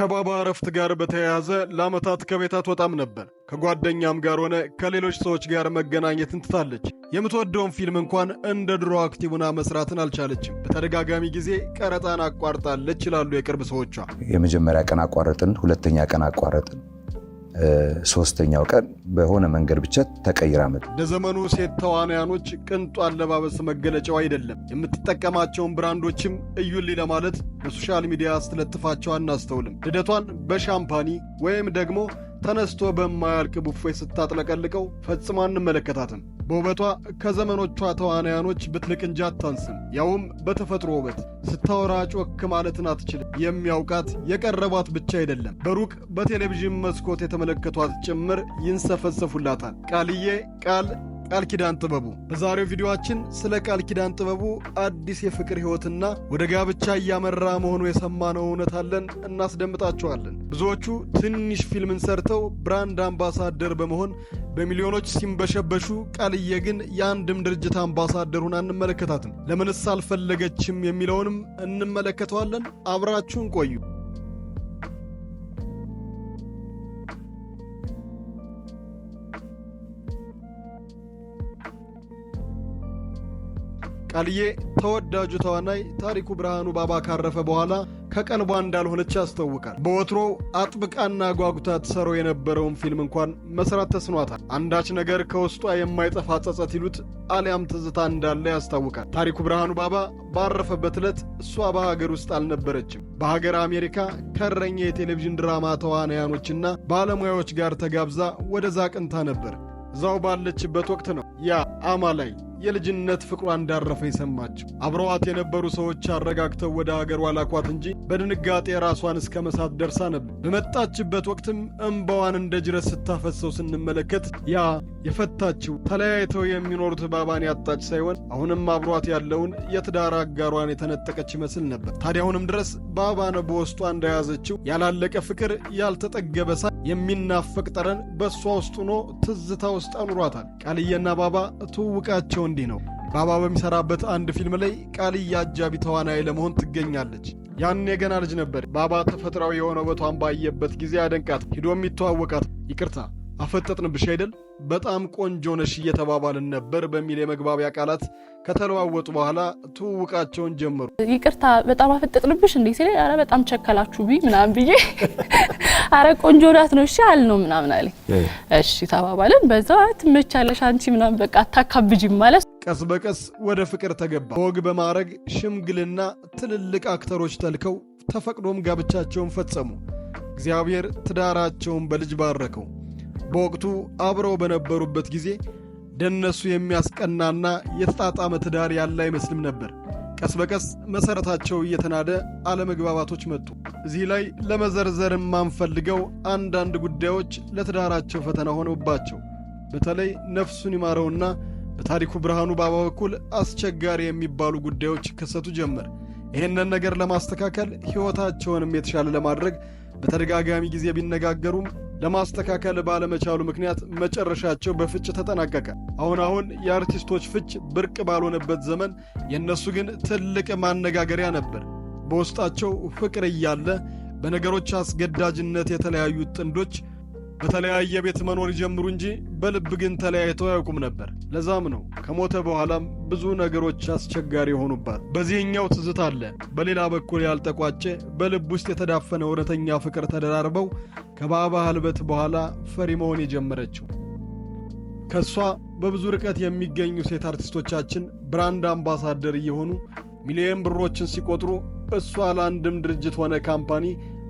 ከባባ እረፍት ጋር በተያያዘ ለዓመታት ከቤት አትወጣም ነበር። ከጓደኛም ጋር ሆነ ከሌሎች ሰዎች ጋር መገናኘትን ትታለች። የምትወደውን ፊልም እንኳን እንደ ድሮ አክቲቡና መስራትን አልቻለችም። በተደጋጋሚ ጊዜ ቀረጣን አቋርጣለች ይላሉ የቅርብ ሰዎቿ። የመጀመሪያ ቀን አቋረጥን፣ ሁለተኛ ቀን አቋረጥን ሶስተኛው ቀን በሆነ መንገድ ብቻ ተቀይራ መጡ። እንደ ዘመኑ ሴት ተዋናያኖች ቅንጡ አለባበስ መገለጫው አይደለም። የምትጠቀማቸውን ብራንዶችም እዩልኝ ለማለት በሶሻል ሚዲያ ስትለጥፋቸው አናስተውልም። ልደቷን በሻምፓኒ ወይም ደግሞ ተነስቶ በማያልቅ ቡፌ ስታጥለቀልቀው ፈጽሞ አንመለከታትም። በውበቷ ከዘመኖቿ ተዋናያኖች ብትልቅ እንጂ አታንስም። ያውም በተፈጥሮ ውበት ስታወራ ጮክ ማለትን አትችልም። የሚያውቃት የቀረቧት ብቻ አይደለም፣ በሩቅ በቴሌቪዥን መስኮት የተመለከቷት ጭምር ይንሰፈሰፉላታል። ቃልዬ ቃል ቃል ኪዳን ጥበቡ። በዛሬው ቪዲዮአችን ስለ ቃል ኪዳን ጥበቡ አዲስ የፍቅር ህይወትና ወደ ጋብቻ እያመራ መሆኑ የሰማነው እውነት አለን እናስደምጣችኋለን። ብዙዎቹ ትንሽ ፊልምን ሰርተው ብራንድ አምባሳደር በመሆን በሚሊዮኖች ሲንበሸበሹ፣ ቃልዬ ግን የአንድም ድርጅት አምባሳደር ሆና አንመለከታትም። ለምንስ አልፈለገችም የሚለውንም እንመለከተዋለን። አብራችሁን ቆዩ። ቃልዬ ተወዳጁ ተዋናይ ታሪኩ ብርሃኑ ባባ ካረፈ በኋላ ከቀልቧ እንዳልሆነች ያስታውቃል። በወትሮ አጥብቃና ጓጉታ ትሰራው የነበረውን ፊልም እንኳን መስራት ተስኗታል። አንዳች ነገር ከውስጧ የማይጠፋ ጸጸት ይሉት አሊያም ትዝታ እንዳለ ያስታውቃል። ታሪኩ ብርሃኑ ባባ ባረፈበት ዕለት እሷ በሀገር ውስጥ አልነበረችም። በሀገር አሜሪካ ከረኛ የቴሌቪዥን ድራማ ተዋናያኖችና ባለሙያዎች ጋር ተጋብዛ ወደዛ ቅንታ ነበር። እዛው ባለችበት ወቅት ነው ያ አማላይ የልጅነት ፍቅሯ እንዳረፈ የሰማችው። አብረዋት የነበሩ ሰዎች አረጋግተው ወደ አገሯ ላኳት እንጂ በድንጋጤ ራሷን እስከ መሳት ደርሳ ነበር። በመጣችበት ወቅትም እምባዋን እንደ ጅረት ስታፈሰው ስንመለከት ያ የፈታችው ተለያይተው የሚኖሩት ባባን ያጣች ሳይሆን አሁንም አብሯት ያለውን የትዳር አጋሯን የተነጠቀች ይመስል ነበር። ታዲያ አሁንም ድረስ ባባን በውስጧ እንደያዘችው ያላለቀ ፍቅር ያልተጠገበ የሚናፈቅ ጠረን በእሷ ውስጥ ሆኖ ትዝታ ውስጥ አኑሯታል። ቃልዬና ባባ ትውውቃቸው እንዲህ ነው። ባባ በሚሰራበት አንድ ፊልም ላይ ቃልዬ አጃቢ ተዋናይ ለመሆን ትገኛለች። ያኔ ገና ልጅ ነበር። ባባ ተፈጥሯዊ የሆነ ውበቷን ባየበት ጊዜ ያደንቃት ሂዶም ይተዋወቃት። ይቅርታ አፈጠጥንብሽ አይደል? በጣም ቆንጆ ነሽ እየተባባልን ነበር በሚል የመግባቢያ ቃላት ከተለዋወጡ በኋላ ትውውቃቸውን ጀመሩ። ይቅርታ በጣም አፈጠጥንብሽ እንዴ ሲለኝ፣ ኧረ በጣም ቸከላችሁ ብ ምናምን ብዬ አረ ቆንጆ ናት ነው እሺ አል ነው ምናምን አለኝ። እሺ ተባባልን። በዛ ትመቻለሽ አንቺ ምናምን በቃ አታካብጅም ማለት። ቀስ በቀስ ወደ ፍቅር ተገባ። በወግ በማዕረግ ሽምግልና ትልልቅ አክተሮች ተልከው ተፈቅዶም ጋብቻቸውን ፈጸሙ። እግዚአብሔር ትዳራቸውን በልጅ ባረከው። በወቅቱ አብረው በነበሩበት ጊዜ ደነሱ የሚያስቀናና የተጣጣመ ትዳር ያለ አይመስልም ነበር። ቀስ በቀስ መሠረታቸው እየተናደ አለመግባባቶች መጡ። እዚህ ላይ ለመዘርዘር የማንፈልገው አንዳንድ ጉዳዮች ለትዳራቸው ፈተና ሆነውባቸው በተለይ ነፍሱን ይማረውና በታሪኩ ብርሃኑ ባባ በኩል አስቸጋሪ የሚባሉ ጉዳዮች ይከሰቱ ጀመር። ይህንን ነገር ለማስተካከል ሕይወታቸውንም የተሻለ ለማድረግ በተደጋጋሚ ጊዜ ቢነጋገሩም ለማስተካከል ባለመቻሉ ምክንያት መጨረሻቸው በፍች ተጠናቀቀ። አሁን አሁን የአርቲስቶች ፍች ብርቅ ባልሆነበት ዘመን የእነሱ ግን ትልቅ ማነጋገሪያ ነበር። በውስጣቸው ፍቅር እያለ በነገሮች አስገዳጅነት የተለያዩት ጥንዶች በተለያየ ቤት መኖር ይጀምሩ እንጂ በልብ ግን ተለያይተው አያውቁም ነበር። ለዛም ነው ከሞተ በኋላም ብዙ ነገሮች አስቸጋሪ የሆኑባት። በዚህኛው ትዝታ አለ፣ በሌላ በኩል ያልተቋጨ በልብ ውስጥ የተዳፈነ እውነተኛ ፍቅር ተደራርበው ከባባ ህልበት በኋላ ፈሪ መሆን የጀመረችው። ከእሷ በብዙ ርቀት የሚገኙ ሴት አርቲስቶቻችን ብራንድ አምባሳደር እየሆኑ ሚሊዮን ብሮችን ሲቆጥሩ እሷ ለአንድም ድርጅት ሆነ ካምፓኒ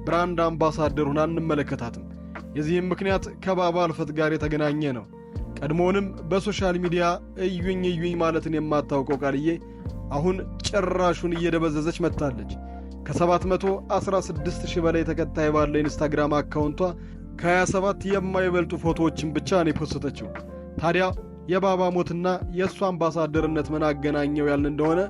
ብራንድ አምባሳደር ሆና አንመለከታትም። የዚህም ምክንያት ከባባ አልፈት ጋር የተገናኘ ነው። ቀድሞውንም በሶሻል ሚዲያ እዩኝ እዩኝ ማለትን የማታውቀው ቃልዬ አሁን ጭራሹን እየደበዘዘች መጥታለች። ከ716 ሺህ በላይ ተከታይ ባለው ኢንስታግራም አካውንቷ ከ27 የማይበልጡ ፎቶዎችን ብቻ ነው የፖስተችው። ታዲያ የባባ ሞትና የእሱ አምባሳደርነት ምን አገናኘው ያልን እንደሆነ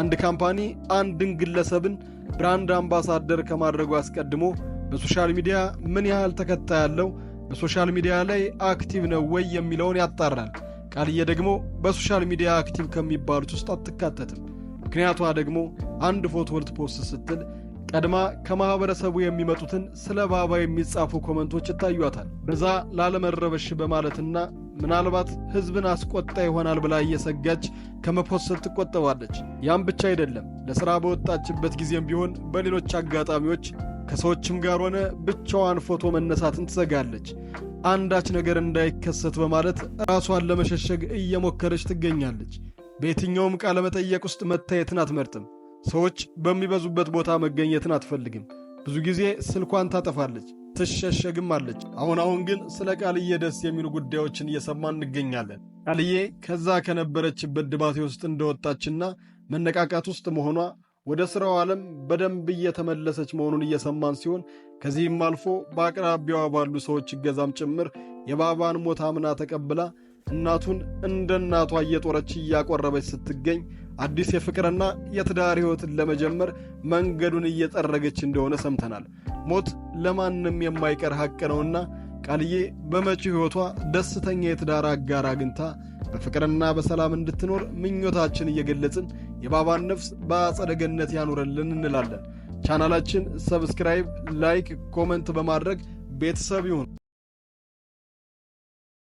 አንድ ካምፓኒ አንድን ግለሰብን ብራንድ አምባሳደር ከማድረጉ አስቀድሞ በሶሻል ሚዲያ ምን ያህል ተከታይ ያለው፣ በሶሻል ሚዲያ ላይ አክቲቭ ነው ወይ የሚለውን ያጣራል። ቃልዬ ደግሞ በሶሻል ሚዲያ አክቲቭ ከሚባሉት ውስጥ አትካተትም። ምክንያቷ ደግሞ አንድ ፎቶ ልትፖስት ስትል ቀድማ ከማህበረሰቡ የሚመጡትን ስለ ባባ የሚጻፉ ኮመንቶች ይታዩታል። በዛ ላለመረበሽ በማለትና ምናልባት ህዝብን አስቆጣ ይሆናል ብላ እየሰጋች ከመፖሰት ትቆጠባለች። ያም ብቻ አይደለም፣ ለሥራ በወጣችበት ጊዜም ቢሆን በሌሎች አጋጣሚዎች ከሰዎችም ጋር ሆነ ብቻዋን ፎቶ መነሳትን ትዘጋለች። አንዳች ነገር እንዳይከሰት በማለት ራሷን ለመሸሸግ እየሞከረች ትገኛለች። በየትኛውም ቃለ መጠየቅ ውስጥ መታየትን አትመርጥም። ሰዎች በሚበዙበት ቦታ መገኘትን አትፈልግም። ብዙ ጊዜ ስልኳን ታጠፋለች፣ ትሸሸግም አለች። አሁን አሁን ግን ስለ ቃልዬ ደስ የሚሉ ጉዳዮችን እየሰማን እንገኛለን። ቃልዬ ከዛ ከነበረችበት ድባቴ ውስጥ እንደወጣችና መነቃቃት ውስጥ መሆኗ ወደ ሥራው ዓለም በደንብ እየተመለሰች መሆኑን እየሰማን ሲሆን ከዚህም አልፎ በአቅራቢያዋ ባሉ ሰዎች እገዛም ጭምር የባባን ሞት አምና ተቀብላ እናቱን እንደ እናቷ እየጦረች እያቆረበች ስትገኝ አዲስ የፍቅርና የትዳር ሕይወትን ለመጀመር መንገዱን እየጠረገች እንደሆነ ሰምተናል። ሞት ለማንም የማይቀር ሐቅ ነውና ቃልዬ በመጪው ሕይወቷ ደስተኛ የትዳር አጋር አግኝታ በፍቅርና በሰላም እንድትኖር ምኞታችን እየገለጽን የባባን ነፍስ በአጸደ ገነት ያኑረልን እንላለን። ቻናላችን ሰብስክራይብ፣ ላይክ፣ ኮመንት በማድረግ ቤተሰብ ይሁን።